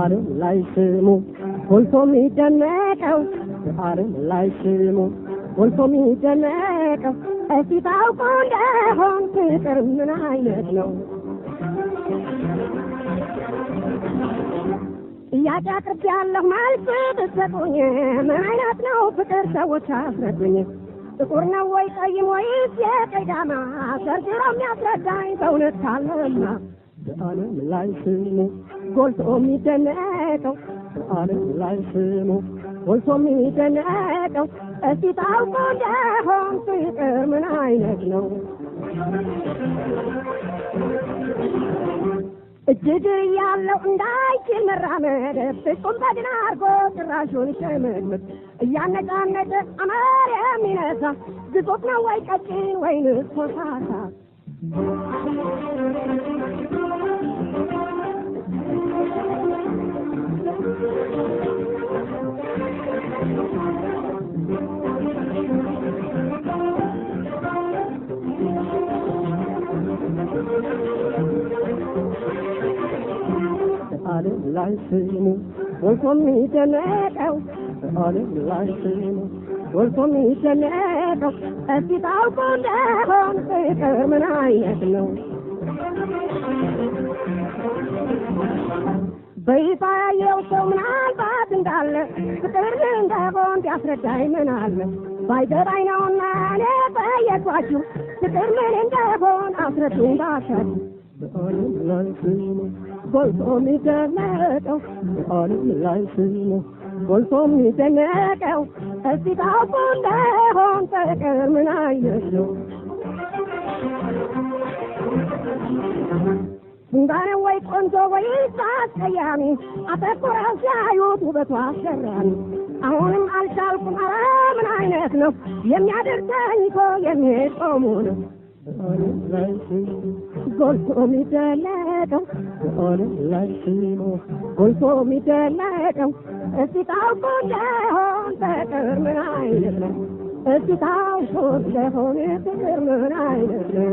አርም ላይ ስሙ ጎልቶ የሚደነቀው አርም ላይ ስሙ ጎልቶ የሚደነቀው እስቲ ታውቁ እንደሆን ፍቅር ምን አይነት ነው? ራሴ አቅርቤያለሁ ማለት ብትሰጡኝ ምን አይነት ነው ፍቅር ሰዎች አስረዱኝ። ጥቁር ነው ወይ ጠይም ወይስ የቀይዳማ ሰርጅሮ የሚያስረዳኝ በእውነት ካለማ በዓለም ላይ ስሙ ጎልቶ የሚደነቀው በዓለም ላይ ስሙ ጎልቶ የሚደነቀው እስቲ ታውቆ እንደሆን ፍቅር ምን አይነት ነው? እጅድር ያለው እንዳይችል መራመድ ፍጹም ተድና አርጎ ጭራሹን ሸምግምት እያነጫነጨ አመር የሚነሳ ግዙፍ ነው ወይ ቀጭን ወይንስ ኮሳሳ ዓለም ላይ ስሙ ወልቶም ይደነቀው በዓለም ላይ ስሙ ወልቶም ይደነቀው እስቲ ታውቆ እንደሆን ፍቅር ምን አይነት ነው? በይፋ ያየው ሰው ምናልባት እንዳለ ፍቅር እንደሆን ቢያስረዳኝ ምን አለ ባይገባኝ ነውና እኔ ጠየኳችሁ ፍቅር ምን እንደሆን አስረዱኝ ባካችሁ በዓለም ላይ ስሙ ጎልቶ የሚደነቀው አሁንም ላይ ስሙ ጎልቶ የሚደነቀው እዚህ ታውቆ እንደሆን ፍቅር ምን አየሽው? ድንጋኔ ወይ ቆንጆ ወይ አስቀያሚ አተኩረው ሲያዩት ውበቷ አስገራሚ። አሁንም አልቻልኩም። ኧረ ምን አይነት ነው የሚያደርገኝ እኮ የሚሄድ ቆሙ ነው Gold for me to let them. If it's all for the home, that's a good night. If it's all the home, it's